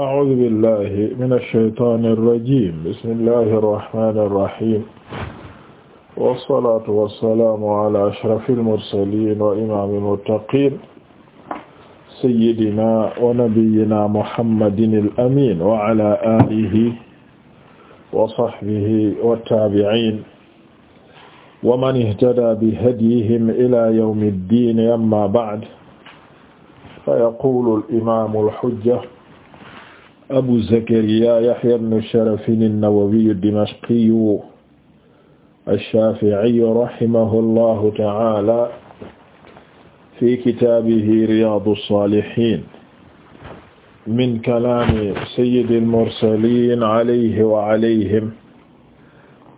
أعوذ بالله من الشيطان الرجيم بسم الله الرحمن الرحيم والصلاة والسلام على أشرف المرسلين وإمام المتقين سيدنا ونبينا محمد الأمين وعلى آله وصحبه والتابعين ومن اهتدى بهديهم إلى يوم الدين أما بعد فيقول الإمام الحجة abu zakariya yahya ibn sharafin an-nawawi ad-dimashqi ash-shafi'i rahimahu llahu ta'ala fi kitaabihi riyaadu saalihiin min kalaami sayyidil mursaliin alayhi wa alayhim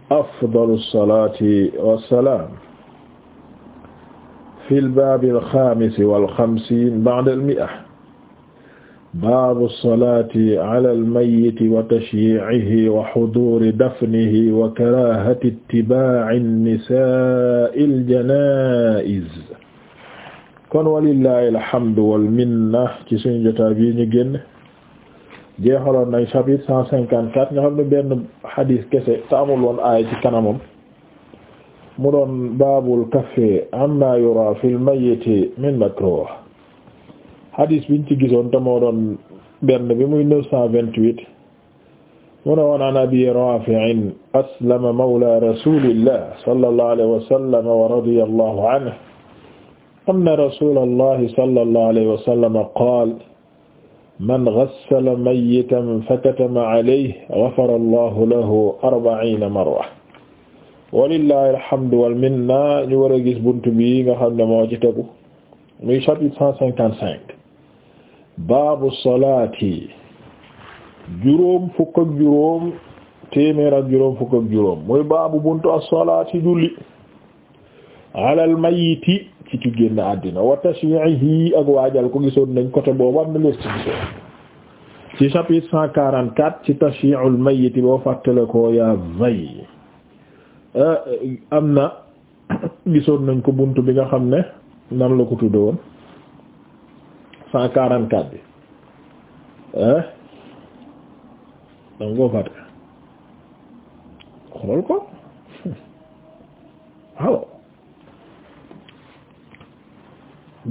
afdalu salaati wa salaam fil baabil xaamis wal xamsiin ba'dal mi'a baabu salaati alal mayyiti wa tashyii'ihi wa xuduuri dafnihi wa karaahati ittibaa'i nisaa'il janaa'iz. kon walillaahi alhamdu wal minna ci suñu jotaay bii ñu génn jeexaloon nañ chapitre cent cinquante quatre nga xam ne benn xadiis kese te amul woon aaya ci kanamam mu doon baabul kaffi ammaa yuraa fil mayyiti min makruuh hadis biñ ci gisoon te moo doon benn bi muy neuf cent vingt-huit mu ne woon an abi rafi'in aslama mawla rasulillah sallallahu alayhi wa sallam wa radiyallahu anhu anna rasulallahi sallallahu alayhi wa sallam qaala man ghassala mayyitan fakatama alayhi ghafara allahu lahu arba'iina marra walillahi alhamdu wal minna ñu war a gis buntu bi nga xam ne moo ci tegu muy chapitre cent cinquante-cinq baabu salaati juróom fukk ak juróom téeméer ak juróom fukk ak juróom mooy baabu buntu as-salaati julli alal mayiti ci ci génn àddina wa tashyi'ihi ak waajal ko gisoon nañ côté boobu am na ci gisoon ci chapitre cent quarante quatre ci tashyi'ul mayiti boo fàttale ko yaa vay euh, am na gisoon nañ ko bunt bi nga xam ne nan la ko tudde woon cent quarante quatre bi ah danga koo fàtte xool ko waaw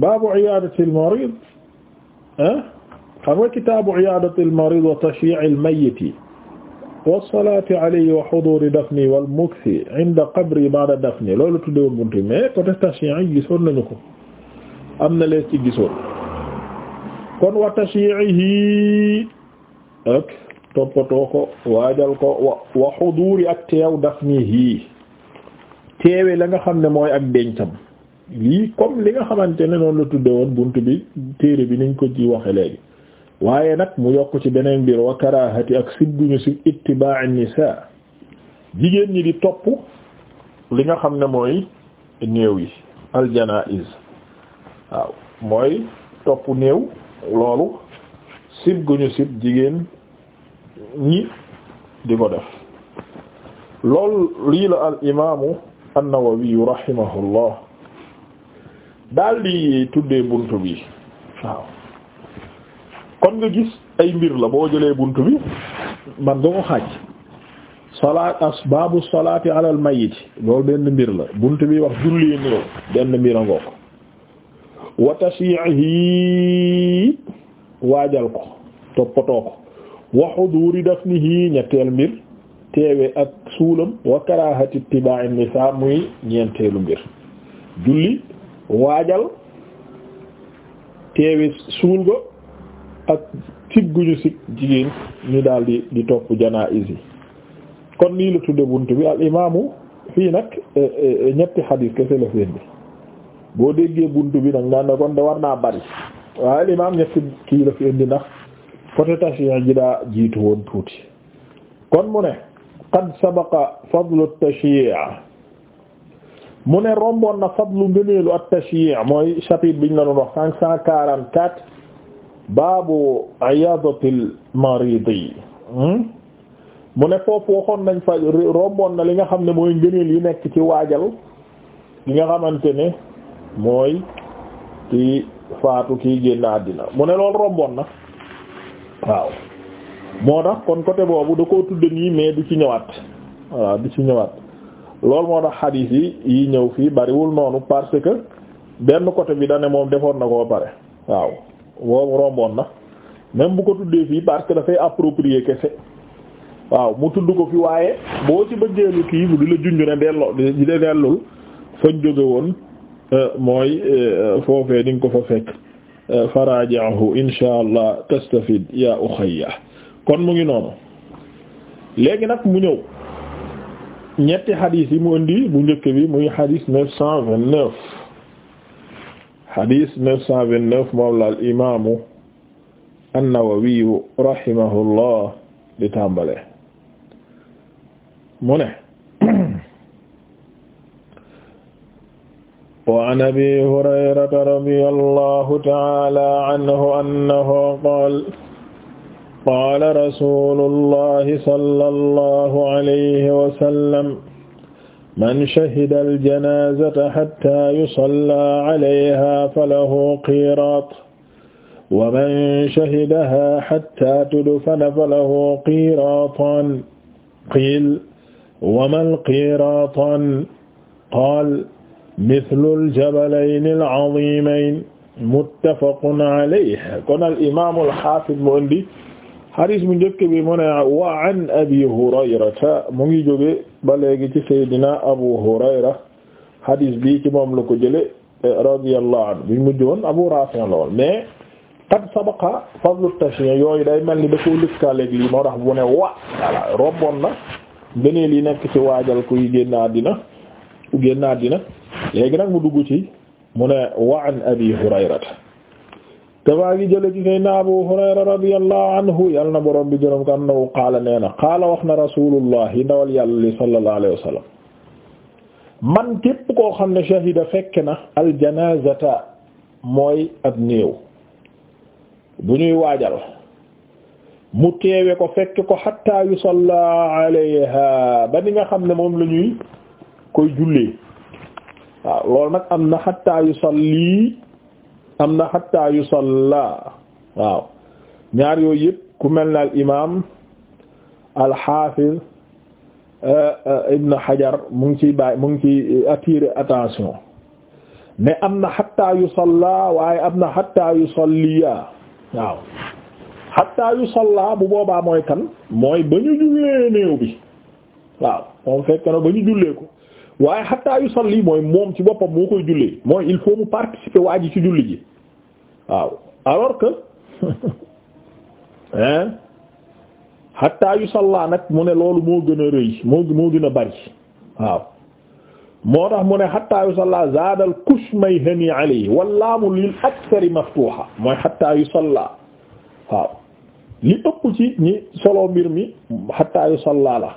baabu iyaadatil marid ah xam nga kitaabu iyaadatil marid wa tashyi'il mayyit wasalaati alayhi wa xuduuri dafni wal mukthi inda qabri ba'da dafni loolu tuddee woon buntu mais côté tashyi'i gisoon nañu ko am na lees ci gisoon. kon wa tashiihi ak toppatoo ko waajal ko wa xuduuri ak teew dafnihi teewe la nga xam ne mooy ak dencam lii comme li nga xamante ne noonu la tudde woon bunt bi téere bi niñ ko ci waxe léegi waaye nag mu yokk ci beneen biir wa karahati ak sibguñu si ittibaa nisa jigéen ñi di topp li nga xam ne mooy néew yi aljanaiz waaw mooy topp néew loolu sib gu sib jigéen ñi di ko def loolu lii la al imaamu an-Nawawi rahimahullah daal tuddee buntu bi waaw kon nga gis ay mbir la boo jëlee buntu bi man nga ko xaaj solaat asbaabu salaati ala al mayit benn mbir la buntu bi wax jullee néew benn mbir a ngook wa tashiihi waajal ko toppatoo ko wa huduri dafnihi ñetteel mbir teewe ak suulam wa karaahati ittibaa'i nisaa muy ñeenteelu mbir julli waajal teewe suul ak sib guñu jigéen ñu daal di di topp kon nii la tudde bunt bi al imaamu fii nag eh, eh, eh, ñetti xadiis kese la bi boo déggee buntu bi nag naan ne kon de war naa bari waaye limaam ñetti kii la fi indi ndax côté tashriih ji jiitu woon tuuti kon mu ne qad sabaqa fadlu tashriih mu ne romboon na fadlu ngëneelu at tashriih mooy chapitre biñ la doon wax cinq cent quarante quatre baabu iyaadatil maridi mu ne foofu waxoon nañ fa romboon na li nga xam ne mooy ngëneel yi nekk ci waajal li nga xamante ne mooy kii faatu kii génn àddina mu ne lool romboon na waaw moo tax kon côté boobu da koo tudd nii mais du ci ñëwaat voilà du ci ñëwaat loolu moo tax xadiis yi yi ñëw fii bariwul noonu parce que benn côté bi da ne moom defoon na koo pare waaw boobu romboon na même bu ko tuddee fii parce que dafay approprier kese waaw mu tudd ko fi waaye boo ci bëggeelu kii bu di la junj ne delloo di dellul fañ jóge woon Euh, mooy euh, foofee di nga ko fa fekk euh, faraajahu insha allah ya ukhayya kon mu ngi noonu léegi nag mu ñëw ñetti xadis mu indi bu njëkk bi muy xadis neuf cent vingt neuf xadis neuf cent vingt al imaamu an-Nawawi rahimahullah di mu ne wa an abi hurayrata radiyallahu ta'ala anhu annahu qaala qaala rasuulullahi sallallahu alayhi wa sallam man shahida al-janaazata hattaa yusallaa alayhaa falahu qiraat wa man shahidahaa hattaa tudfana falahu qiraataan qiila wa mal qiraataan qaala mislul jabalayni al-azimayni muttafaqun alayhi kon al imaam al haafid mu indi hadiis bu njëkk bi mu ne wa an abi hurayrata mu ngi jóge ba léegi ci saydina abu hurayra hadiis bi ci moom la ko jële radiyallahu anhu bi mu joon abu raafi' lool mais qad sabaqa fadlu tashri' yooyu day mel ni da koo lëkkaaleeg lii moo tax bu ne wa voilà robboon na beneen li nekk ci waajal kuy génn àddina génn àddina léegi nag mu dugg ci mu ne wa an abi hurayrata te waa ngi jële ci sayyidina abu hurayra radiyallahu anhu yal na borom bi jërëm ko annahu qaala nee na qaala wax na rasulullah ndawal yàlla li sallallahu alayhi wa man képp koo xam ne shahida fekk na al janazata mooy ab new bu ñuy waajal mu teewe ko fekk ko hatta yusalla alayha ba ni nga xam ne moom la ñuy koy jullee waaw loolu nag am na yu xatta lii am na xatta yusalla waaw ñaar yooyu yëpp ku mel na al imaam al xaafiz euh, euh, ibn Hajar mu ngi ci bàyyi mu ngi ciy attirer attention mais am na yu xatta laa waaye am na yu lii yusalliya waaw xatta laa bu boobaa mooy kan mooy ba ñu jullee néew bi waaw moom fekk na ba ñu jullee ko. waaye hatta yusalli mooy moom ci boppam moo koy jullee mooy il faut mu participer waa ji ci julli ji waaw alors que hein hatta yusalla nag mu ne loolu moo gën a rëy moo gën a bari waaw moo tax mu ne hatta yusalla zaadal kushmayhani alayhi wallaamu lil akthari maftuha mooy hatta yusalla waaw li ëpp ci ñi solo mbir mi hatta yusalla la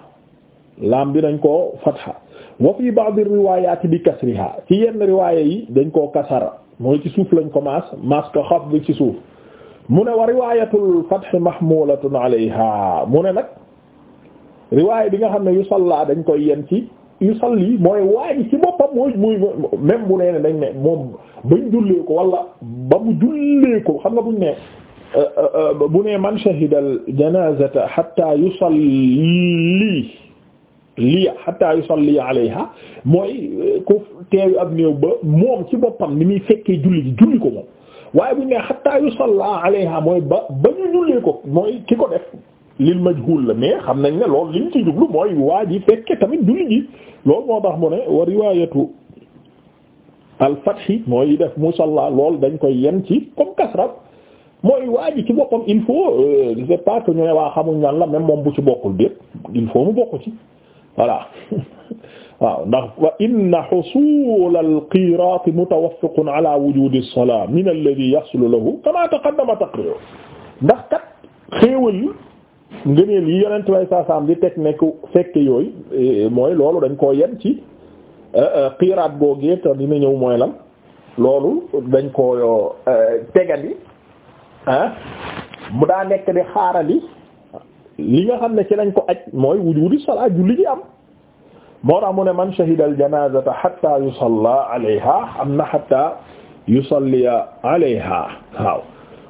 laam bi dañ koo fatha wa fi ba'd riwaayaati bi kasriha ci yenn riwaaya yi dañ koo kasara mooy ci suuf lañ ko maas maas ko xaf bi ci suuf mu ne wa riwaayatul fath mahmulatun alayha mu ne nag riwaaya bi nga xam ne yu salla dañ koy yen ci yu salli mooy waaji ci boppam mooy muy même bu nee ne dañ ne moom bañ jullee ko wala ba mu jullee xam nga buñ ne euh, euh, euh, bu ne man shahida al janazata hatta yusalli liya hatta yusalli alayha mooy euh, ku teewi ab néew ba moom ci boppam ni muy fekkee julli ji julli ko moom waaye bu ne hatta yusalla alayha mooy ba ba ñu jullee ko mooy ki ko def lil majhul la mais xam nañ ne lool liñ ci jublu mooy waa ji fekke tamit julli ji loolu moo tax mu ne wa riwaayatu al fathi mooy def musalla lool dañ koy yen ci comme kasra mooy waa ji ci boppam il faut c'est euh, part que ne waa xamuñ nan la même moom bu ci bokkul déet mu bokk ci voilà waaw ndax wa inna husul al-qirat mutawaffiqun ala wujud as-salat min alladhi yahsulu lahu kama taqaddama taqriru ndax kat xéewal ngëneel yi yonent way saasaam di teg nekk fekk yooyu eh, mooy loolu dañ koo yem ci eh, eh, qiraat googee te dina ñëw mooy lan loolu dañ koo tegandi ah mu daa nekk di xaarandi li nga xam ne ci lañ ko aj mooy wujudi salaa julli ji am moo tax ne man shahida al janazata hatta yusalla alayha am na hatta yusalliya alayha waaw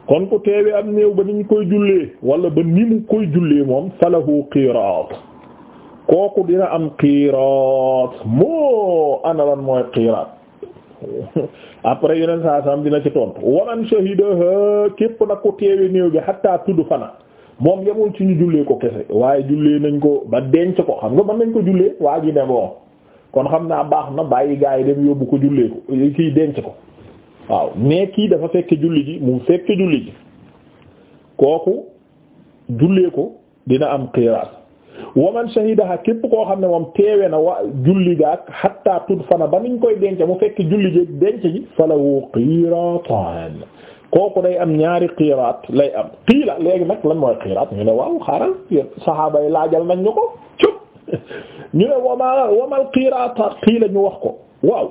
kon ku teewe am néew ba ni ñu koy jullee wala ba ni mu koy jullee moom falahu qiraat kooku dina am qiraat moo ana lan mooy qiraat après yeneen saa sam dina ci tontu waman shahidaha képp na ku teewe néew bi hatta tudd fana moom yemul ci ñu jullee ko kese waaye jullee nañ ko ba denc ko xam nga mën nañ ko jullee waa gi ne bon kon xam naa baax na bàyyi gaa yi dem yóbbu ko jullee ko kii denc ko waaw mais kii dafa fekke julli gi mu fekk julli ji kooku jullee ko dina am xiraat waman shahidaha képp koo xam ne moom teewe na wa julli ga ak hatta koy denc mu fekk julli ji denc ji falahu kooku day am ñaari xiiraat lay am xiila léegi nag lan mooy xiiraat ñu ne waaw xaaral saxaaba yi laajal nañ ñu ko cëp ñu ne wama wamal xiiraata xiila ñu wax ko waaw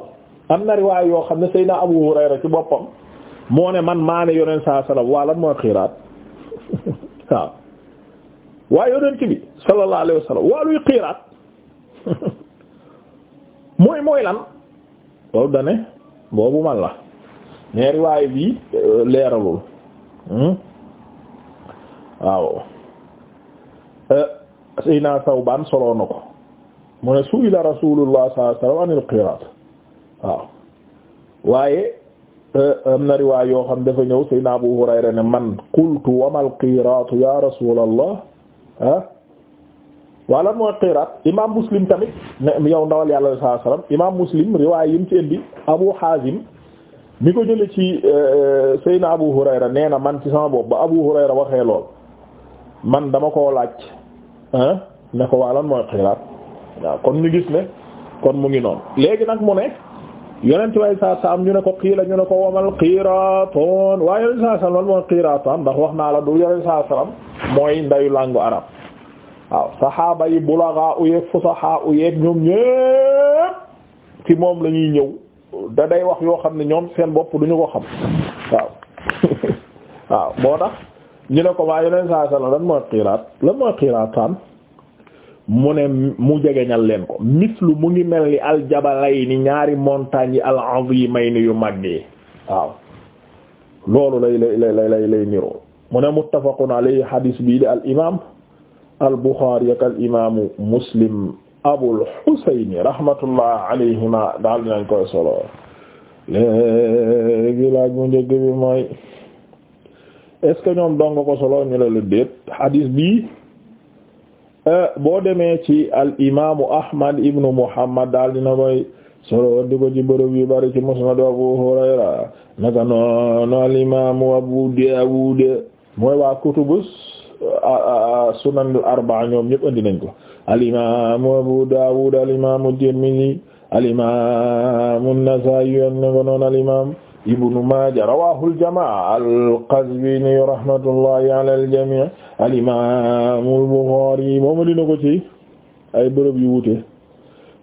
am na riwaay yoo xam ne Seydina Abu Hurayra ci boppam moo ne man maa ne yoneen saa salaam waa lan mooy xiiraat waaw waaye yonent bi sallallahu alayhi wa sallam waa luy xiiraat mooy mooy lan loolu dane boobu man la mais riwaay bi euh, leeralul hmm? waaw euh, sayna Sawbaan soloo na ko mu ne Rasulullah sallallahu alayhi wasallam anil qiraat waaye euh, am na riwaay yoo xam dafa ñëw sayna Abu Hurayra ne man qultu wamal qiraat ya Rasulallah ah wala mooy qiraat imaam Muslim tamit ne yow ndawal yàlla imaam Muslim riwaay yim ci indi Abu Haazim mi ko jële ci euh, euh, Seydina Abu Hurayra nee na man ci sama bopp ba Abu Hurayra waxee lool man dama koo laaj ah ne ko waalan mooy xiraat waaw kon ñu gis ne kon mu ngi noonu léegi nag mu ne yonent way saa saam ñu ne ko xiila ñu ne ko wamal xiiraatoon waaye yonent saa saam mooy xiiraatoon ndax wax naa la du yonent saa saam mooy ndayu langue arabe waaw saxaaba yi bulaga uyeeg fusaha uyeeg ñoom ñépp ci moom la ñuy ñëw da day wax yoo xam ne ñoom seen bopp duñu ko xam waaw waaw moo tax ñu ne ko waa yeneen saa sallam lan mooy xiraat lan mooy xiraataan mu ne mu jegeñal leen ko mislu mu ngi mel ni aljabalay ni ñaari montagnes yi al-azimayni yu mag yi waaw loolu lay lay lay lay lay niroo mu ne muttafaqun alayhi hadis bii di al imaam al buxaari ak al imaamu muslim Abul Husayni rahmatullah alayhima daal dinañ koy solo léegi laaj mooy est-ce que ñoom dong ko solo ñu la lu déet bi euh, boo demee ci al imaamu Ahmad ibnu Muhammad daal dina koy solo di ko ci bërëb Abu Hurayra naka noonu al imaamu Abu Daawud mooy waa kutubus sunan arbaa ñoom ñëpp andi ko alimamu Abu Dawud alimamu Tirmidhi alimamu An-Nasa'i yonne ko noon alimamu Ibnu Maaja rawahul jamaa al-Qazwini rahmatullahi ala al-jamii alimamu Al-Bukhari moom dina ko ci ay bërëb yu wuute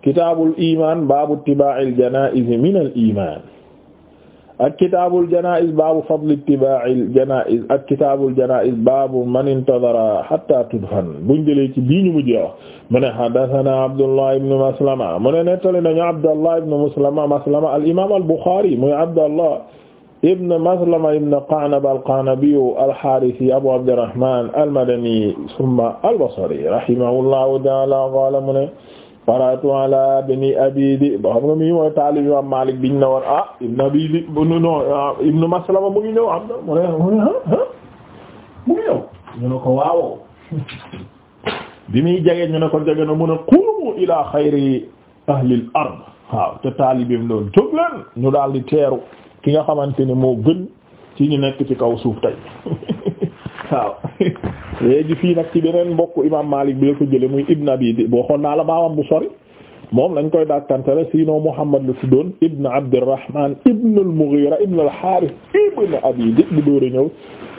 kitaabul iimaan baabu ittiba'il janaa'iz minal iimaan ak kitaabul janaa'iz baabu fadli ittibaa'il janaa'iz ak kitaabul janaa'iz baabu man intadara hatta tudfan buñ jëlee ci bii ñu mujjee wax mu ne haddasanaa Abdullah ibn Maslama mu ne nettali nañu Abdullah ibn Maslama Maslama al imaam al Buxaari muy Abdullah ibn Maslama ibn Qa'nab al-Qa'nabi al-Haarisi Abu Abdirrahmaan al-Madani summa al-Basri rahimahullahu ta'aala qaala mu ne faratu ala bini abi Dhi'b xam nga mii mooy taalib imam Malik biñ ne woon ah ibn abi Dhi'b nu non ah, ibn Maslama mu ngi ñëw am na mu ne mu ah, ah, ngi ñëw ñu ne ko waawoo bi muy jege ñu ne ko jege na mun a qumu ila xayri ahlil ard waaw te taalibim loolu jóg ñu daal di teeru ki nga xamante ne moo gën ci ñu nekk ci kaw suuf tey waaw léegi fii nag ci beneen mbokk imam Malik bi la ko jële muy ibn abi di boo xoon naa la maamam bu sori moom lañ koy dàkkantele sinon Muhammad la tuddoon ibn Abdurrahman ibn al-Mughira ibn al-Harith ibn abi di di dóor a ñëw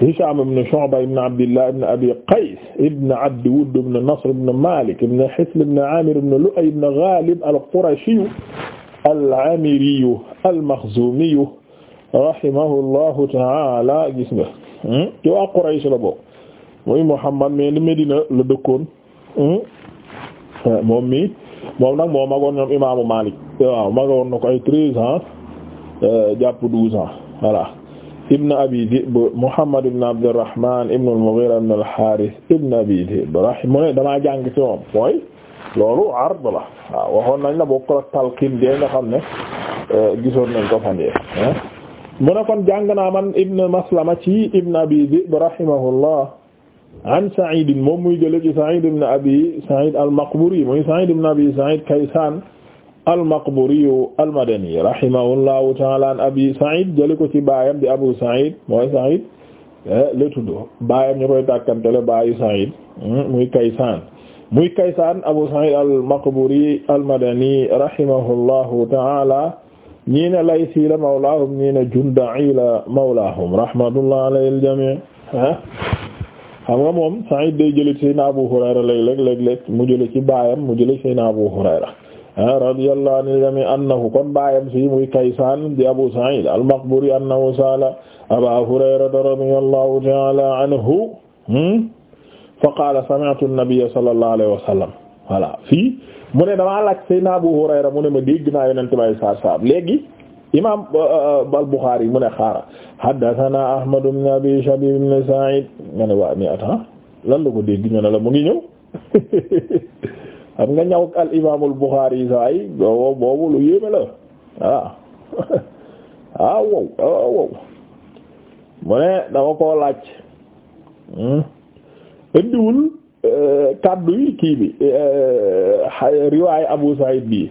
Hisham ibn Shu'ba ibn Abdillah ibn abi Qays ibn Abd Wudd ibn Nasr ibn Malik ibn Hisl ibn Amir ibn Lu'ay ibn Ghalib al-Qurashi al-Amiri al-Makhzumi rahimahu llahu ta'ala gis nga hmm? ci waa Quraysh la bokk mooy Muhammad mais li Medina la dëkkoon hmm? ah, moom mi moom nag moo magoon ñoom imaamu Malik waaw magoon na ko ay treize ans euh, jàpp douze ans voilà ibn abi Dhi'b Muhammad ibn Abdurrahman ibn ibn abi Dhi'b mu ne damaa jàng ci moom mooy loolu ard la waaw waxoon nañ la bokkul ak talqin de nga xam ne euh, gisoon na ko fandee mu kon jàng naa man ibn Maslama ibn abi Dhi'b rahimahullah an Sa'id moom muy jële ci Sa'id ibn Abi Sa'id al-Maqburi muy Sa'id ibn Abi Sa'id Kaysan al-Maqburi al-Madani rahimahullahu an Abi Sa'id jële ko ci baayam bi Abu Sa'id mooy Sa'id eh, la tudd baayam ñu koy tàkkantele baayu Sa'id hmm, muy Kaysan muy Kaysan Abu Sa'id al-Maqburi al-Madani rahimahullahu ta'ala ñii ne Laysi la mawlaahum ñii ne Junda'i la mawlaahum rahmatullahi alayhi al xam nga moom Saïd day jële ci Seydina Abu Hurayra léeg-léeg léeg-léeg mu jële ci baayam mu jële ci Seydina Abu Hurayra radiyallahu anil jami annahu kon baayam fii muy Kaysaan di Abu Saïd al-Maqburi annahu sa'ala Aba Hurayrata radiyallahu ta'ala anhu hmm? fa qaala sami'tu an-nabiyya sallallahu alayhi wa sallam voilà fii mu ne damaa laaj Seydina Abu Hurayra mu ne ma dégg naa yonent bi sallallahu alayhi wa imaam uh, uh, al Bukhari mu ne xaara haddathana Ahmad ibn Abi Shabib ibn Sa'id nga ne waa mi attends lan la ko dégg ñu ne la mu ngi ñëw xam nga ñaw ak al imaam al Bukhari boobu lu yéeme la ah wow ah mu ne dama koo laaj hmm? indiwul uh, kaddu yi kii bi riwaay Abu Sa'id bii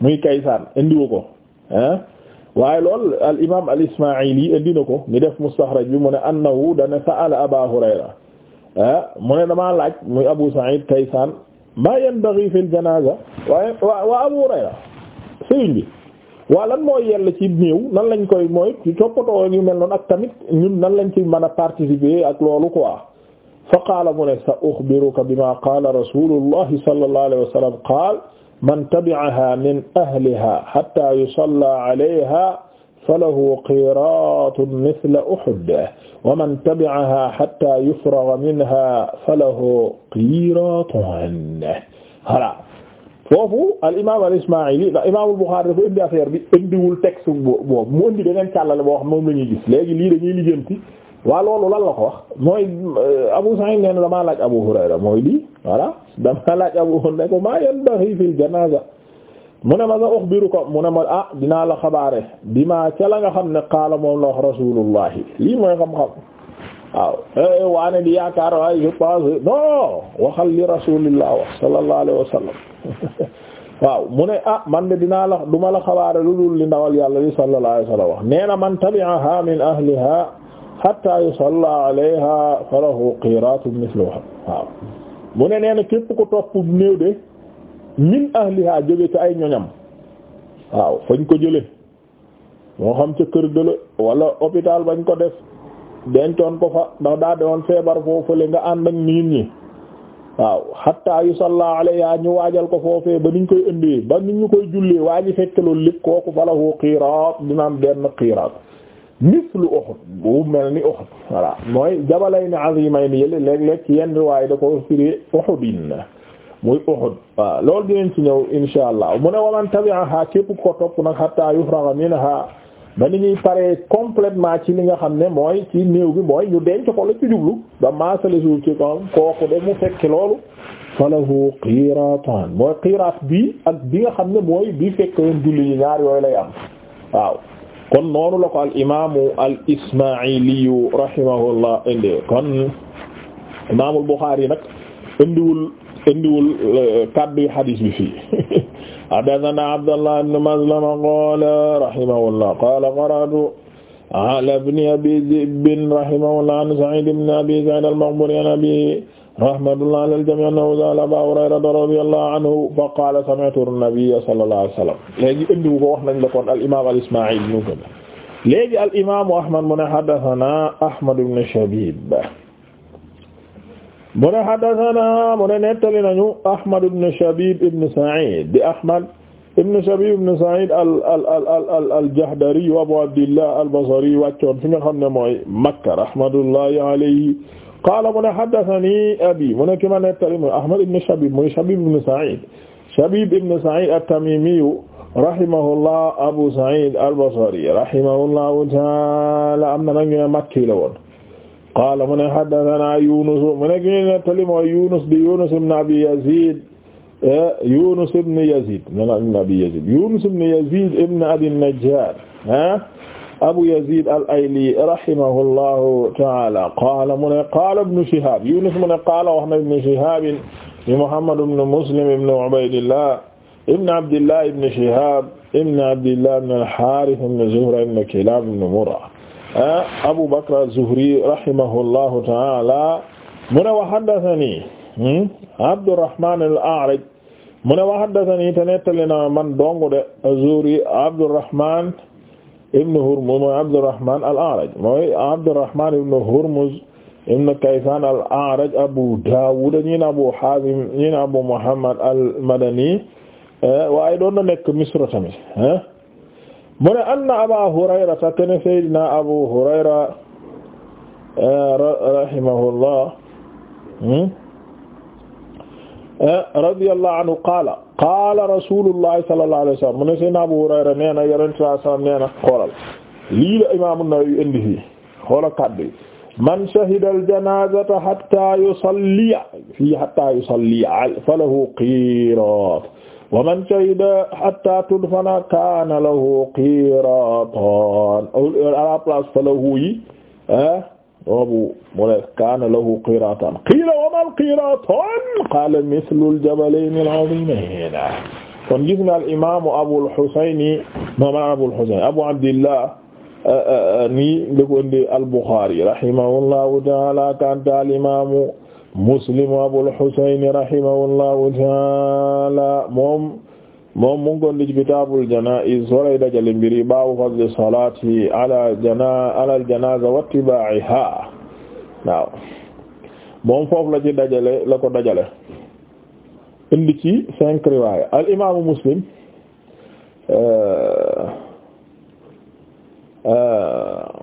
muy Kaysaan indiwu ko ah. waaye lool al imaam al ismaa'ili indi ko ñu def mustaxraj bi mu ne annahu dana sa'ala Aba Hurayra ah mu ne damaa laaj mu Abu Sa'id Kaysaan maa yanbaghi fil janaaza waaye waa waa Abu Hurayra sëriñ bi waa lan mooy yell ci néew nan lañ koy mooy ci toppatoo yu mel noonu ak tamit ñun nan lañ ci mën a participer ak loolu quoi fa qaala mu ne sa so a qaala rasuulullahi sallallahu alayhi wa sallam qaala man tabi'aha min ahliha hatta yusalla alayha falahu qiraatun mithla Uhud wa man tabi'aha hatta yufragha minha falahu qiraatun voilà foofu al imaam al Ismaa'ili la imaam al Buxaari dafa indi affaire bi indiwul texte boobu mu indi beneen càllale boo xam moom la ñuy gis léegi lii dañuy liggéeyam ci waa loolu lan ko wax mooy euh, Abu Sa'id nee na laaj Abu Hurayra mooy lii voilà damaa laaj Abu Hurayra ne ko maa yanbaxi fil janaza mu ne ma sa ko mu ne ma ah dinaa la xabaare bi ma ca nga xam ne qaala moom la wax rasulullahi lii mooy xam-xam waaw eh, waane di yaakaar waaye je pense non waxal li rasulillah wa mu ne ah man de dinaa la duma la xabaare lu dul ndawal yàlla li sallallahu alayhi wax nee na man tabi'aha min ahliha hatta yusalla alayha falahu qiraatu misluha waaw mu ne nee képp ko topp néew de min ahliha jóge ci ay ñoñam waaw fañ ko jële moo xam ca kër gëla wala hôpital bañ ko def dencoon ko fa ndax daa doon feebar foofule nga ànd ak nit ñi waaw hatta yusalla alayha ñu waajal ko foofee ba niñ koy ëndee ba niñ ñu koy jullee waa ji fekk loolu lépp kooku falahu qiraat dina am benn qiraat mislu Uhud bu mel ni Uhud voilà mooy jabalay ni azimay ni yële léeg-léeg ci yenn riwaay da ko firee Uhudin muy Uhud waaw loolu dinañ ci ñëw insha allah mu ne waman tabi'aha képp ko topp nag hatta yufraga minha ba ni ñuy paree complètement ci li nga xam ne mooy ci néew bi mooy ñu denc ko la ci jublu ba maasale suuf ci kaw kooku de mu fekk loolu falahu qiraataan mooy qiraat bi ak bi nga xam ne mooy bi fekk yoon julli yi ñaar yooyu lay am waaw kon noonu la ko al imaamu al ismaa'iliyu rahimahullah indi kon imaamul Buxaari nag indiwul indiwul euh, kaddu yu hadis bi fii haddasanaa Abdallah ibn Maslama qaala rahimahullah qaala qara'tu ala ibn Abi Zi'b rahimahullah an Sa'iid ibn Abi Sa'iid al-Maqburi an abiihi rahmatullah alal jamii annahu sa'ala Abaa Hurayrata radiyallahu anhu fa qaala sami'tu an-nabiyya sallallahu alayhi wa sallam léegi indiwu ko wax nañ la kon al imaam al Ismaa'iil ñu ko léegi al imaamu Ahmad mu ne haddasanaa Ahmad ibn Shabiib mu ne haddasanaa mu ne nettali nañu Ahmad ibn Shabiib ibn Sa'iid di Ahmad ibn Shabiib ibn Sa'iid al al al al al Jahdari Abu Abdillah al-Basri wàccoon fi nga xam ne mooy Makka rahmatullahi alayhi qaala mu ne haddathanii abii mu ne ki ma nettali mooy Ahmad ibn Shabib mooy Shabib ibn Sa'id Shabib ibn Sa'id at-Tamimi rahimahullah Abu Sa'id al-Basri rahimahullahu ta'ala am na nag ñu ne Makki la woon qaala mu ne haddathanaa Yunus mu ne ki ñu nettali mooy Yunus di Yunus ibn Abi Yazid Yunus ibn Yazid ibn Abi Yazid Yunus ibn Yazid ibn Abi Najjar ah. Abu Yazid al-Ayli rahimahullahu ta'ala qaala mu ne qaala ibnu Shihab Yunus mu ne qaala wax na ibnu Shihab di Muhammad ibnu Muslim ibnu Ubaydillah ibnu Abdillah ibnu Shihab ibnu Abdillah ibnu al-Harith ibnu Zuhra ibnu Kilab ibnu Murra ah, Abu Bakr az-Zuhri rahimahullahu ta'ala mu ne wa haddathani hmm, Abdurrahman al-A'raj mu ne wa haddathani te nettali na man dong de az-Zuhri Abdurrahman ibn Hurmuz mooy Abdurrahman al-A'raj mooy Abdurrahman ibn Hurmuz ibn Kaysan al-A'raj Abu Dawud ñi na Abu Hazim ñi na Abu Muhammad al-Madani eh, waaye doon na nekk Misra tamit eh. mu ne anna Aba Hurayrata ken Seydina Abu Hurayra eh, rahimahullah hmm, radiyallahu anhu qaala qaala rasulullahi sallallahu alayhi wa sallam mu ne Seydina Abu Hurayra nee na yonent sallallahu alayhi wa sallam nee na xoolal lii la imaamu Nawawi indi fii xoolal kàddu yi man shahida al-janaazata hatta yusalliya fii hatta yusalliya falahu qiiraat wa man shahida hatta tudfana kaana lahu qiiraataan à la place falahu yi ah, boobu mu ne kaana lahu qiraatan qiila wa mal qiraatan qaala mislul jabalayni al-aziimayn kon gis nga al imaamu Abul Husayni mama Abul Husayni Abu Abdillah ni la ko indi al-Bukhari rahimahullahu ta'ala kanta al imaamu Muslim Abul Husayni rahimahullahu ta'ala moom moom mu ngi kitaabul janaa'iz walay dajale mbir baabu fadli salaati ala janaaza wa ittibaa'ihaa waaw moom foofu la ci dajale la ko dajale. indi ci riwaaya al imaamu muslim euh, euh,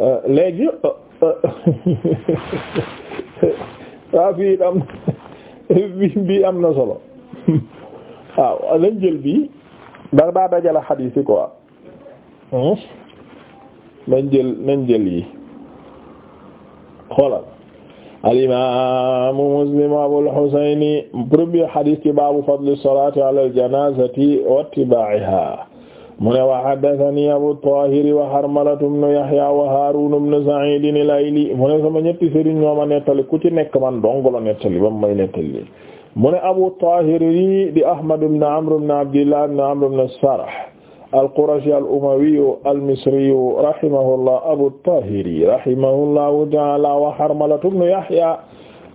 euh, léegi waa fii bi bii am na solo waaw lañ jël bii ndax daa dajale xadiis yi quoi hmm? nañ jël nañ jël yi xoolal al imaamu muslim abul xusayni premier xadiis ci baabu fadli salaati ala al janaazati wa ittibaa'ihaa mu ne wa haddathani Abu Tahir wa Harmalatu ibn Yahya wa Harun ibn Sa'id al-Ayli mu ne sama ñetti sëriñ ñoo ma nettali ku ci nekk man dong la nettali ba mu may nettali mu ne Abu Tahir yi di Ahmad ibn Amr ibn Abdillah ibn Amr ibn Sarh al-Qurashi al-Umawi al-Misri rahimahullah Abu Tahir rahimahullahu ta'ala wa Harmalatu ibn Yahya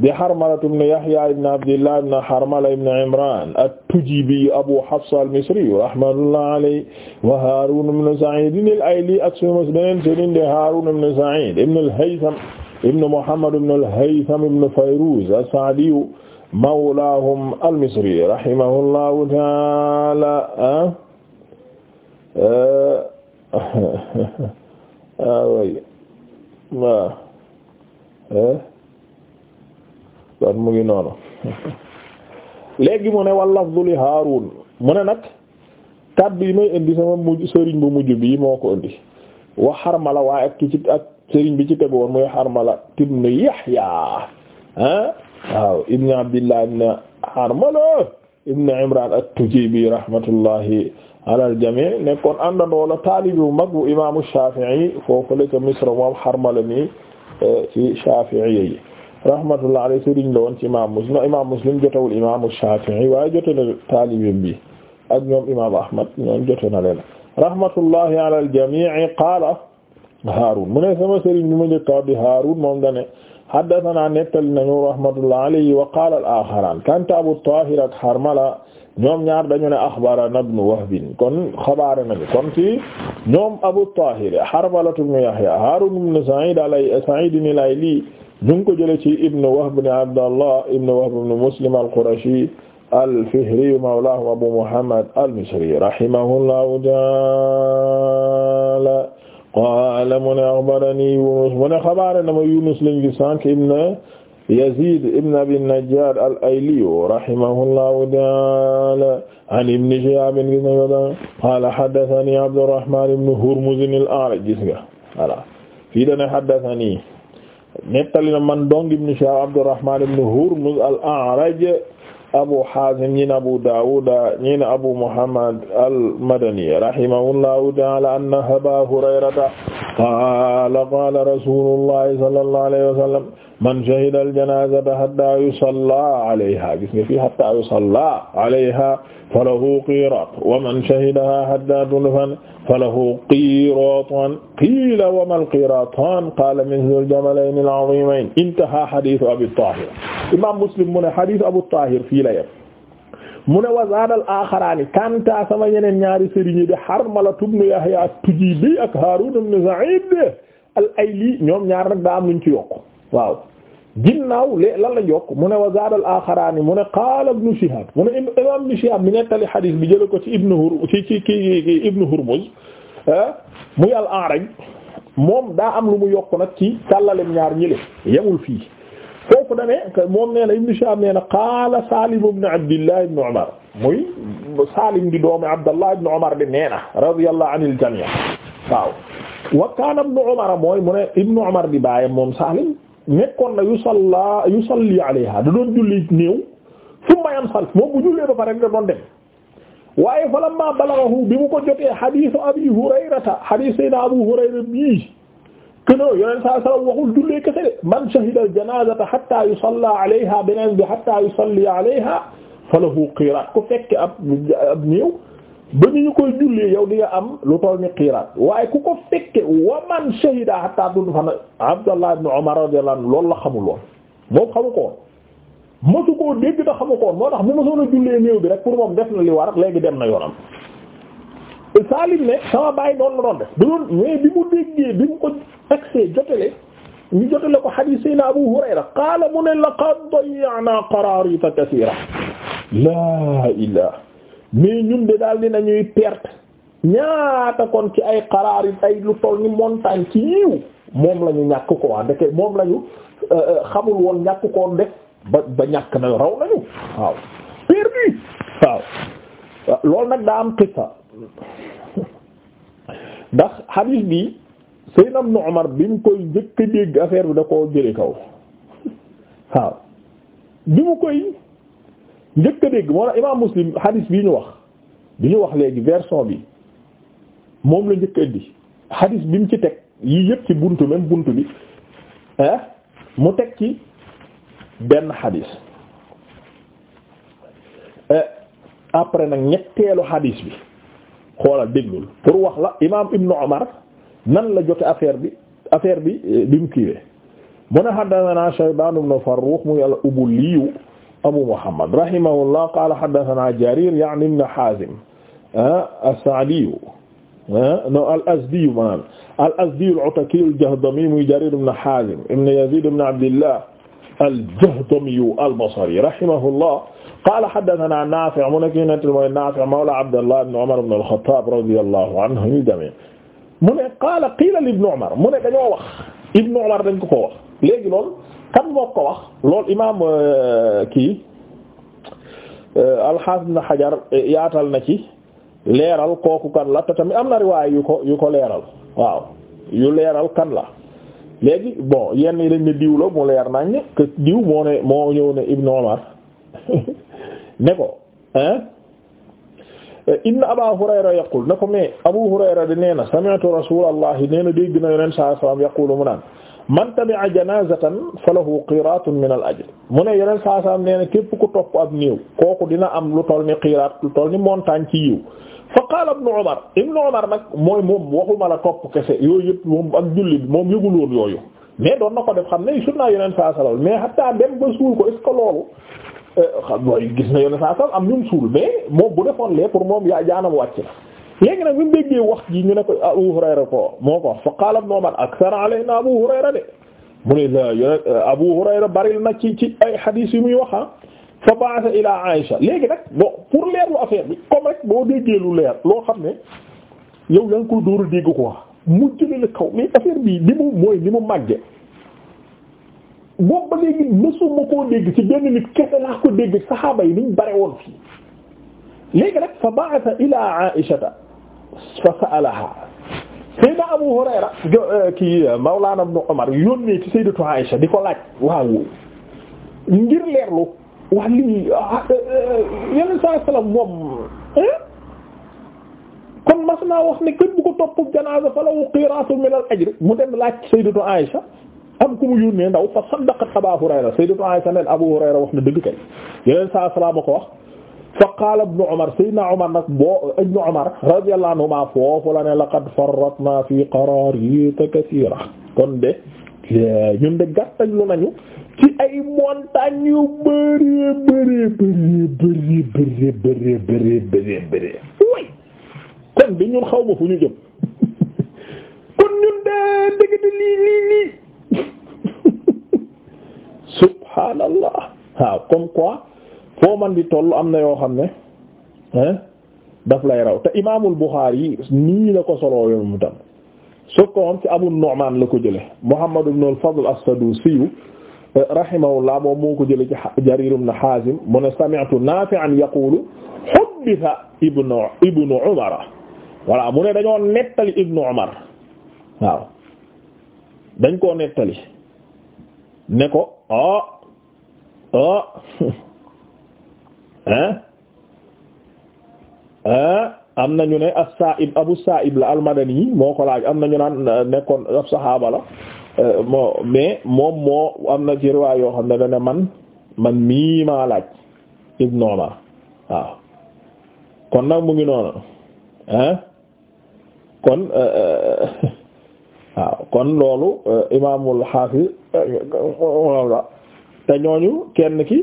di Harmala ibn Yahya ibn Abdillah ibn Harmala ibn Imran at-Tujibi Abu Hafs al-Misri rahmatullahi alayhi wa Harun ibn Sa'id al-Ayli ak suñu beneen sëriñ di Harun ibn Sa'id ibn al-Haytham ibn Muhammad ibn al-Haytham ibn Fayruz as-Sa'di mawlahum al-Misri rahimahullahu ta'ala ah, ah kon mu ngi noonu léegi mu ne wallaf duli Haarun mu ne nag kàddu bi may indi sama mujj sëriñ bu mujj bii moo ko indi wa Harmala waaye ak ki ci ak sëriñ bi ci tegu woon muy Harmala ibn Yahya ah waaw ibn Abdillah ibn Harmala ibn Imran at-Tujibi rahmatullahi alal jami nekkoon àndandoo la taalibi bu mag imaamu Shafi'i foofu la ca Misra moom Harmala nii eh, ci Shafi'i rahmatullah alayhi sëriñ la woon ci imam muslim imam muslim jotawul imam shafi'i waaye jote na taalibim bi ak ñoom imam ahmad ñoom jote na leen rahmatullahi ala al-jami' qaala Haarun mu ne sama sëriñ bi ma njëkkaw di Haarun moom dane haddathana nettali nañu rahmatullah alayhi wa qaala al-akharaan kanta Abu Taahir ak Harmala ñoom ñaar dañu ne axbarana ibnu Wahbin kon xabaare nañu kon ci ñoom Abu Taahir Harmala ibnu Yahya Haarun ibnu Sa'iid alay Sa'iid al-Ayli ñu ngi ko jëlee ci ibn Wahb ibn Abdallah ibn Wahb ibn Muslim al-Qurashi al-Fihri mawlahum Abu Muhammad al-Misri rahimahullahu ta'ala qala mu ne akhbarani Yunus mu ne xabaare na ma Yunus lañ gi sànq ibn Yazid ibn Abi Najjar al-Ayli rahimahullahu ta'ala an Ibn Shihab gis nañ ko qala haddathani Abdurrahman ibn Hurmuz al-A'raj gis nga voilà fii dana haddathani nettali na man dong ibn Shihab Abdurrahman ibn Hurmuz al-A'raj Abu Hazim ñi ne Abu Dawud ñi ne Abu Muhammad al-Madani rahimahullahu ta'ala anna Aba Hurayrata qaala qaala rasuulullahi sallallahu alayhi wa sallam man shahida al-janaazata hatta yusalla alayha gis nga fi hatta yusalla alayha falahu qiiraat wa man shahidahaa haddaatun falahu qiiraataan qiila wa mal qiiraataan qaala mithlu al-jamalayni al-aziimayni intahaa hadiisu Abi Taahir imaam Muslim mu ne hadiisu Abu Taahir fii la yem mu ne wa zaada al-aaxaraani kanta sama yeneen ñaari sëriñ bi Harmala ibn Yahya at-Tujiibi ak Haaruun ibn Sa'iid al-Ayli ñoom ñaar nag daa am luñ ci yokk waaw ginnaaw le la yokk mu ne wa zaada al-aaxaraani mu ne qaala ibnu Shihaab mu ne li ibnu Shihaab bi jële ko ci ibnu Hurmuz ci ki ibnu Hurmuz ah, muy al-A'raj moom da am lu mu yokk nag ci tàllalem ñaar ñile yemul fii foofu da ne moom nee na ibnu Shihaab nee na qaala Saalim ibnu Abdillah ibnu Umar muy Saalim di doomi Abdallah ibnu Umar di wa kaana ibnu Umar mooy mu ibnu Umar di baayam moom Saalim nekkoon na yusalla yusalli alayha da doon julli néew summa yansarif moom bu jullee ba pare rek da doon dem waaye falamma balaghahu bi mu ko jotee hadith abi hurayrata hadith sayna abu hurayra bii kënoo yoneen saa sallam waxul jullee kese de man shahida al janazata hatta yusalla alayha beneen bi hatta yusalli alayha falahu qiraat ku fekke ab ab néew ba ni ñu koy jullee yow di am lu toll ni xiiraat waaye ku ko fekke waman shahida hatta dund fana Abdallah ibn Umar radiyallahu anhu loolu la xamul woon moom xamu ko woon masu koo dégg te xamu ko woon moo tax bu masoon a jullee néew bi rek pour moom def na li war léegi dem na yoonam Salim ne sama bàyyi doon la doon def da doon mais bi mu déggee bi mu ko accès jotele ñu jotele ko hadith sayna Abu Hurayra qaala mu ne laqad dayya'na qaraarita kasiira laa ilaha mais ñun de daal dinañuy perte ñaata kon ci ay xaraar yi ay lu toll ni montagne ci yiw moom la ñàkk ko waa ndeke moom lañu euh, euh, xamul woon ñàkk koo def ba ba ñàkk na raw nañu waaw perdu waaw euh, loolu nag daa am qissa ndax hadith bi Seydina Ibn Umar bi mu koy njëkk a dégg affaire bi da koo jële kaw waaw bi mu koy njëkk dégg moo la imaam muslim hadis bi ñu wax bi ñu wax léegi version bi moom la njëkk a indi hadis bi mu ci teg yii yëpp ci bunt même buntu bi mu teg ci benn hadis eh, après nag ñetteelu hadis bi xoolal déglul pour wax la imaam Ibn Umar nan la jote affaire bi affaire bi eh, bi mu kiiwee mu ne haddathana Shaybaan ibn Farrukh mu yàlla ubbi liiw. abu muhammad rahimahullah qaala haddasanaa jarir ya'ni ibn haazim ah, as-sa'diyu ah, no al-azdiyu maanaam al-azdiyu al-'atakiyu al-jahdamiyu muy jarir ibn haazim ibn yaziid ibn abdillah al-jahdamiyu al-basri rahimahullah qaala haddasanaa naafi' mu nekk nett mooy naafi' mawla abdallah ibn umar ibn al-khattaab radiyallahu anhum jamii'an mu ne qaala qiila li ibn umar mu ne dañoo wax ibn umar dañ ko ko wax léegi loolu kan moo ko wax loolu imaam euh, kii euh, alxaas na xajar euh, yaatal na ci leeral kooku kan la te tamit am na riwaay yu ko yu ko leeral waaw yu leeral kan la léegi bon yenn yi dañ la mu leer nañ que diw moo ne moo ñëw ne Ibn Omar ne ko hein inna Aba Hurayra yaqul ne ko mais Abu Hurayra di nee na sami'tu Rasulallahi nee na dégg na Yonent sallallahu alayhi wasallam yaqulu mu naan man tabi'a janazatan falahu qiratun min al ajr mu ne yeneen saa saa nee na képp ku topp ab néew kooku dina am lu toll ni qirat lu toll ni montagne ci yiw fa qaala ibnu Umar ibnu Umar nag mooy moom waxuma la topp kese yooyu yëpp moom ak julli bi moom yëgul woon yooyu mais doon na ko def xam ne sunna yeneen saa saa mais hatta dem ba suul ko est loolu eh, xam gis na yeneen saa am ñu suul mais moom bu defoon lee pour moom yaa jaanam wàcc na. léegi nag bi mu wax ji ñu ne ko Abu Hurayra ko moo ko fa qaala Ibn Umar akthara alayna Abu Hurayra de mu ne la Abu Hurayra baril na ci ci ay hadith yu muy wax ah. fa ba'atha ila Aïcha léegi nag bon pour leerlu affaire bi comme rek boo lu leer loo xam ne yow yaa ngi koy dóor a dégg quoi ah. mujj na la kaw mais affaire bi li mu mooy li mu màggee boobu ba léegi mësuma koo dégg ci benn nit kese laa ko dégg saxaaba yi niñ bare woon fii léegi nag fa ba'atha ila Aïcha fa sa'alaha Seydina Abu Hurayra eh, ki eh, Mawlana Ibn Umar yónnee ci Sayyidatu Aisha di ko laaj waaw ngir leerlu wax lii yeneen saa salaam moom eh? kon mas naa wax ne képp bu ko topp janaaza falaw qiraatu min al ajr mu dem laaj Sayyidatu Aisha am ku mu yónnee ndaw fa saddaqat Abu Hurayra Sayyidatu Aisha ne Abu Hurayra wax na dëgg kay yeneen saa salaam ko wax. fa qaala ibnu Umar sayyidina Umar nag boo ibnu Umar radiyallahu anhuma foofu la ne laqad farratna fi qararita kathira kon de ñun de gàttañ lu nañu ci ay montagnes yu bëree bëree bëree bëree bëree bëree bëree bëree way kon bi ñun xaw ma fu ñu jëm kon ñun de dëgg di lii lii lii subhaanallah waaw comme quoi foo bi di am na yoo xam ne hein daf lay raw te imaamul Buxaari nii la ko soloo yow mu tam sokko Abu Nu'maan la ko jële Muhammad ibn al-Fadl as-Sadusi eh, rahimahullah moom moo ko jële ci Jariir ibn Haazim mu ne sami'tu Naafi'an yaqulu hubbitha ibnu ibnu Umar voilà dañoo nettali ibnu Umar dañ koo nettali ne ko ah ah ah am nañu ne as Abu Sa'ib la al-Madani moo ko laaj am nañu naan euh, nekkoon ab saxaaba la euh, moo mais moom moo am na ci riwaay yoo xam ne dana man man mii maa laaj Ibn waaw kon nag mu ngi noonu ah kon euh, waaw kon loolu imaamul xaafi te ñooñu kenn ki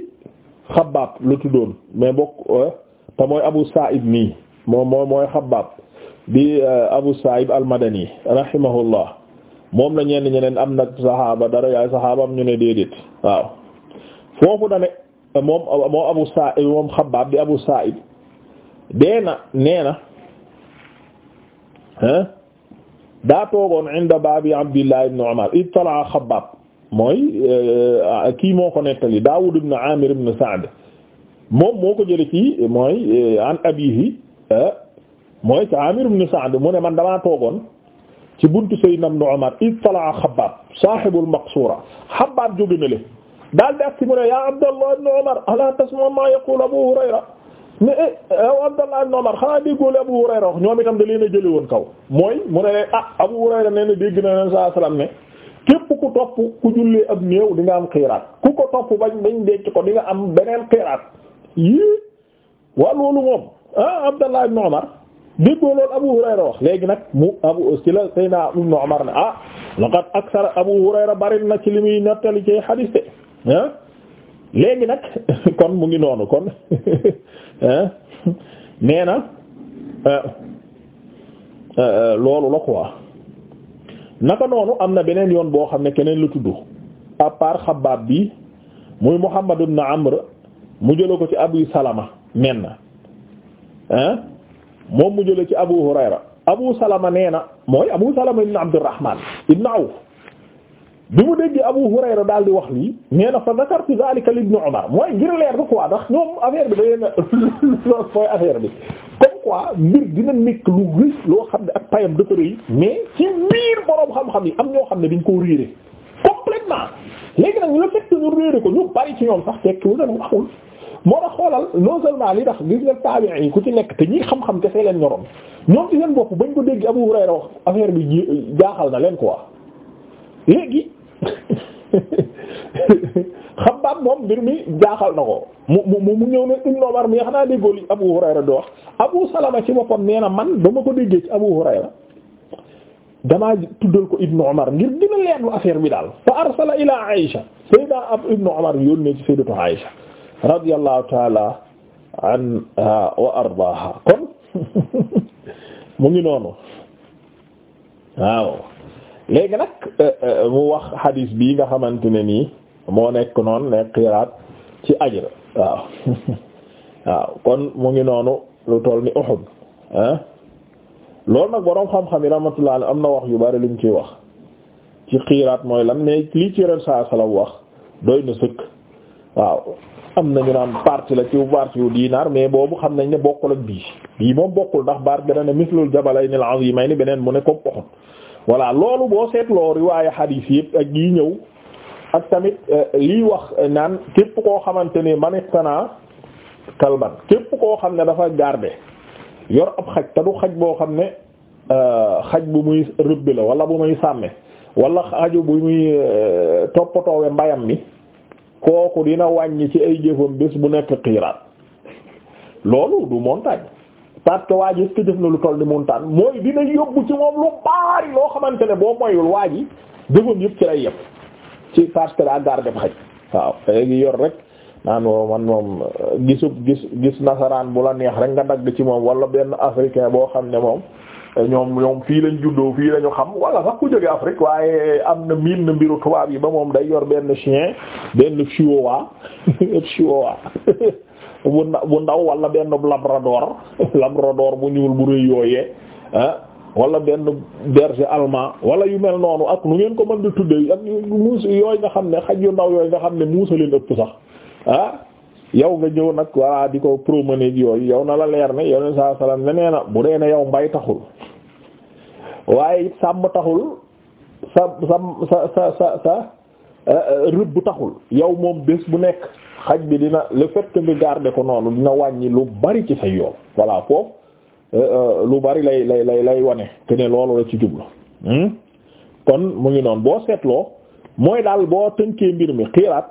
lu la tuddoon mais bokk eh, te mooy Abu Sa'id nii moom moo mooy xabaab bi eh, Abu Sa'id al-Madani rahimahullah moom la ñenn ñeneen am nag saxaaba dara yaay saxaaba am ñu ne déedéet waaw foofu da ne moom moo Abu Sa'id moom xabaab Abu Sa'id dee na nee eh, daa toogoon baabi Abdillah ibn Umar ittala mooy euh, kii moo ko nettali Daawud ibn Amir ibn Sa'd moom moo ko jële kii mooy euh, an abihi euh, mooy ci Amir ibn Sa'd mu ne man damaa toogoon ci buntu Sayyidina ibn Umar ittala'a Xabbaab saahibul maqsuura Xabbaab jóge na le daal di ak si mu ne yaa Abdallah ibn Umar alaa tasma'u maa yaqulu Abu Hurayra ne eh, eh, yow Abdallah ibn Umar xanaa déggoo li Abu Hurayra wax ñoom itam da leen a jële woon kaw mooy mu ne ah Abu Hurayra nee na dégg na leen saa salaam ne képp ku topp ku jullee ab néew di am xiraat ku ko topp bañ bañ denc ko di nga am beneen xiraat yii waa loolu moom ah Abdallah ibn Umar déggoo loolu Abu Hurayra wax léegi nag mu Abu ci la Seydina ibn Umar ne ah laqad aksara Abu bari na ci li muy nettali ci xadiis ah léegi nag kon mu ngi noonu kon ah, na ah, ah, loolu la quoi. naka noonu am na beneen yoon boo xam ne keneen lu tudd à xabaab bi muy Muhammad ibn Amr mu jële ko ci Abu Salama nen na hein moom mu jële ci Abu Hurayra Abu Salama nee na mooy Abu Salama ibn Abdurrahman ibn Awf bi mu déggee Abu Hurayra daal di wax lii nee na fa zakartu zalika li ibn Umar mooy ngir leer ko quoi ndax ñoom affaire bi da leen loolu mooy affaire bi fois mbir dina nekk lu gis loo xam ne ak payam dafa rëy mais ci biir boroom xam-xam yi am ñoo xam ne dañ koo réere complètement léegi nag ñu la fekk ko ñu bari ci ñoom sax tekkiwul leen waxul moo tax xoolal non seulement li tax gis nga taabi'i yi ku ci nekk te ñi xam-xam kese leen ñoroon ñoom ci seen bopp bañ ko déggee Abu Hurayra wax affaire bi jaaxal na leen ko quoi léegi Xabbaab moom mbir mi jaaxal na ko mu mu mu ñëw ne Ibn Umar mi xanaa déggoo li Abu Hurayra di wax Abu Salama ci boppam nee na man dama ko déggee ci Abu Hurayra damaa tuddal ko Ibn Umar ngir dina leerlu affaire bi daal fa arsala ila Aïcha sayda ab Ibn Umar yónnee ci sayyidatu Aïcha radiyallahu ta'ala anha wa ardaaha kon mu ngi noonu waaw léegi nag euh, euh, mu wax hadis bii nga xamante ne nii moo nekk noonu nekk xiraat ci ajr waaw waaw kon mu ngi noonu lu toll ni Uhud ah loolu nag boroom xam-xam yi rahmatullah am na wax yu bari luñ ciy wax ci xiraat mooy lan mais lii ci ren saa sala wax doy na sëkk waaw am na ñu naan partie la ci partie wu diinaar mais boobu xam nañ ne bokkul ak bii bii moom bokkul ndax baat gën a ne mislul jabalayni al ni beneen mu ne ko Uhud voilà loolu boo seetloo riwaayu xadiis yëpp ak yi ñëw ak tamit euh, lii wax euh, naan képp koo xamante ni naa kalban képp koo xam ne dafa garder yor ab xaj te du xaj boo xam ne euh, xaj bu muy rëbbi la wala bu muy sàmme wala xaju bu muy toppatoowe mbayam mi kooku dina wàññi ci ay jëfam bés bu nekk xiiraat loolu du montagne parce que waa ji est-ce que def na lu toll ni montagne mooy dina yóbbu ci moom lu baari loo xamante ne boo moyul waa ji jëfam yëpp ci lay yëpp ci parce que daa gaar dem xaj waaw léegi yor rek naan moom man moom gisu gis gis nasaraan bu la neex rek nga dagg ci moom wala benn africain boo xam ne moom ñoom ñoom fii lañ juddoo fii lañu xam wala sax ku jóge Afrique waaye am na miin na mbiru tubaab yi ba moom day yor benn chien benn chihuahua chihuahua bu ndaw walla benn labrador labrador bu ñuul bu rëy yooyee ah. wala benn berger allemand wala yu mel noonu ak nu ngeen ko mën di tudde ak muus yooyu nga xam ne xaj yu ndaw yooyu nga xam ne muusa leen ëpp sax ah yow nga ñëw nag walla di ko promener yooyu yow na la leer ne yoneen saa salaam ne nee na bu dee ne yow mbay taxul waaye it sàmm taxul sa sa sa sa sa euh, rëbb taxul yow moom bés bu nekk xaj bi dina le fait que nga garder ko noonu dina wàññi lu bari ci sa yoon voilà foofu Euh, euh, lu bari lay lay lay lay wane que ne loolu la ci jublu hmm? kon mu ngi noon boo seetloo mooy daal boo tënkee mbir mi xiraat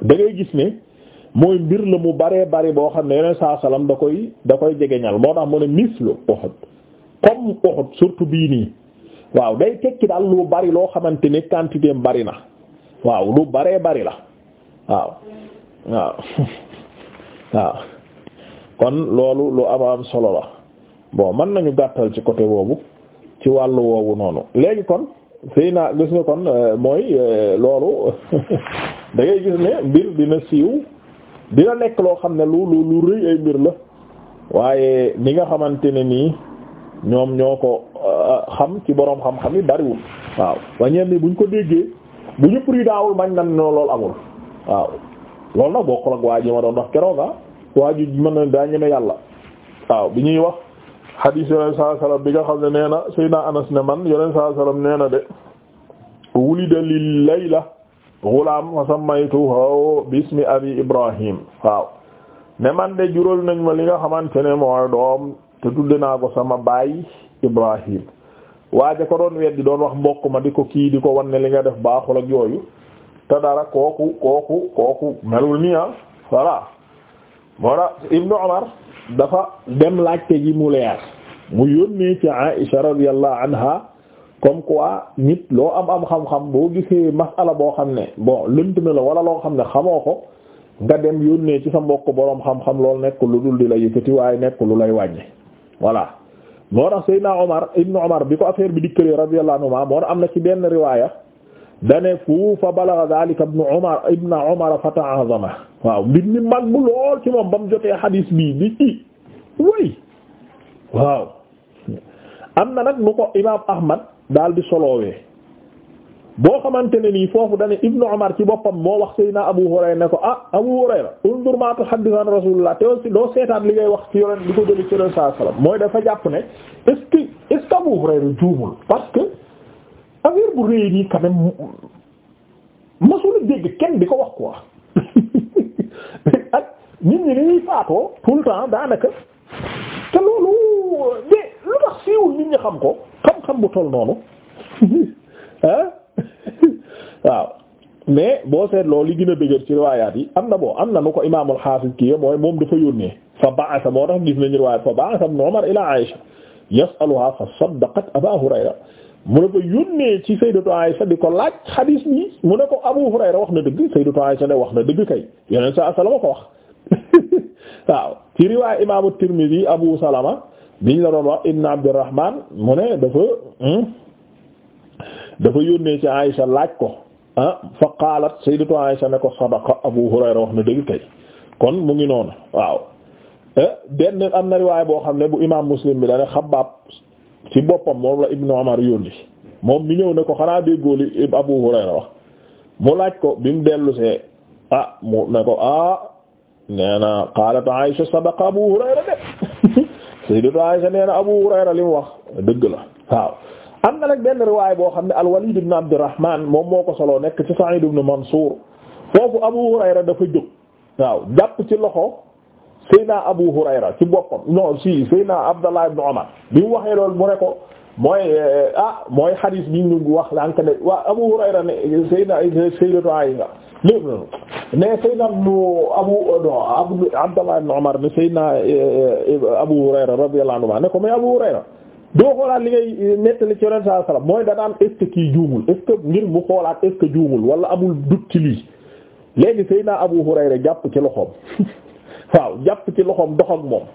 da gis ni mooy mbir la mu baree bari boo xam ne yeneen saa salaam da koy da koy jegeñal moo tax mu ne mislu Uhud comme Uhud surtout bii nii waaw day tekki daal lu bari loo xamante ne quantité bari na waaw lu baree bari la waaw waaw waaw. kon loolu lu am solo la bon mën nañu gàttal ci côté boobu ci wàllu woowu noonu léegi kon fii naa gis nga kon euh, mooy euh, loolu da ngay gis ne mbir dina siiw dina nekk loo xam ne lu lu rëy ay mbir la waaye ni nga xamante ne nii ñoom ñoo ko euh, xam ci boroom xam-xam yi bariwul waaw wañeen ni buñ ko déggee bu ñëpp ri daawul mañ nan noo loolu amul waaw loolu nag bokkul ak waa ji ma doon wax kerooga ah. waa ji mën na daa ñeme yàlla waaw bi ñuy wax hadis yoneen saa bi nga xam ne nee na Seydina Anas ne man yoneen saa sallam nee na de wulida li layla gulaam fa sammaytuhu bismi abi ibrahim waaw ne man de jural nañ ma li nga xamante ne mooy doom te tudde naa ko sama baay ibrahim waaja ko doon weddi doon wax mbokk ma di ko kii di ko wan li nga def baaxul ak yooyu te dara kooku kooku kooku melul nii ah voilà moo la Ibnu Umar dafa dem laajte ji mu leer mu yónnee ci Aïsha radiyallahu anha comme quoi nit loo am am xam-xam boo gisee masala boo xam ne bon lënt na la wala loo xam ne xamoo ko nga dem yónnee ci sa mbokk boroom xam-xam loolu nekk lu dul di la yëkkati waaye nekk lu lay wàññi voilà moo tax Seydina Omar Ibnu Omar bi ko affaire bi dikkale radiyallahu anhuma moo am na ci benn riwaaya dane fu fa balagha dhalika Ibnu Omar Ibnu Omar fa ta'azama waaw mbir mi mag bu lool ci moom ba mu jotee xadiis bii di ci waaw am na nag nu ko imaam ahmad daal di soloowee boo xamante ne nii foofu dane ibnu umar ci boppam moo wax sayna abu hurayra ne ko ah abu hurayra undur ma tuhaddisu an rasulullah te aussi doo seetaat li ngay wax ci yonen li ko jëli ci yonen saa sallam mooy dafa jàpp ne est-ce abu hurayra juumul parce que affaire bu réy nii quand même masula dégg kenn di ko wax quoi ak nit ñi dañuy faatoo tout le temps daanaka te loolu lu tax siiwul nit ñi xam ko xam-xam bu toll noonu ah waaw mais boo seet loolu li gën a dëgër ci riwaayaat yi am na boo am na nu ko imaamul xaafis kii ya mooy moom dafa yónnee fa ba'asa moo tax gis nañu riwaayaat fa ba'asa ibn Umar ila Aisha yas'aluha fa saddaqat Aba Hurayra mu ne ko yónnee ci sayyidatu Aisha di ko laaj xadiis bi mu ne ko Abu Hurayra wax na dëgg sayyidatu Aisha ne wax na dëgg kay yeneen sa salama ko wax waaw ci riwaay imaamu Tirmidhi Abu Salama biñ la doon wax ibn Abdurrahman mu ne dafa hmm, dafa yónnee ci Aisha laaj ko ah fa qaalat sayyidatu Aisha ne ko sadaqa Abu Hurayra wax na dëgg kay kon mu ngi noonu waaw eh, benn am na riwaay boo xam ne bu imaam Muslim bi da ne ci boppam moom la Ibnu Umar yónni moom mi ñëw ne ko xanaa déggoo li Abu Hurayra wax mu laaj ko bi mu dellusee ah mu ne ko ah nee na qaalat Aisha sadaqa Abu Hurayra de sayyidatu Aisha nee na Abu Hurayra li mu wax dëgg la waaw am na nag benn riwaay boo xam ne al-Walid ibn Abdurrahman moom moo ko soloo nekk ci Sa'id ibn Mansur foofu Abu Hurayra dafa jóg waaw jàpp ci loxo Seydina Abu Hurayra ci boppam non si Seydina Abdallah ibn Umar bi mu waxee loolu mu ne ko mooy eh, ah mooy xadiis bi ñu wax lank waa Abu Hurayra ne Seydina Sayyidatu Aisha léegi noonu mais Seydina Abu Abu Abdallah ibn Umar ne Seydina eh, Abu Hurayra ko mais Abu Hurayra doo xoolaat li ngay nettali ci Yonent sallallahu alayhi mooy da daan est-ce kii juumul est ngir mu xoolaat est-ce que juumul wala amul dut ci lii léegi Seydina Abu Hurayra jàpp ci loxoom waaw jàpp ci loxoom dox ak moom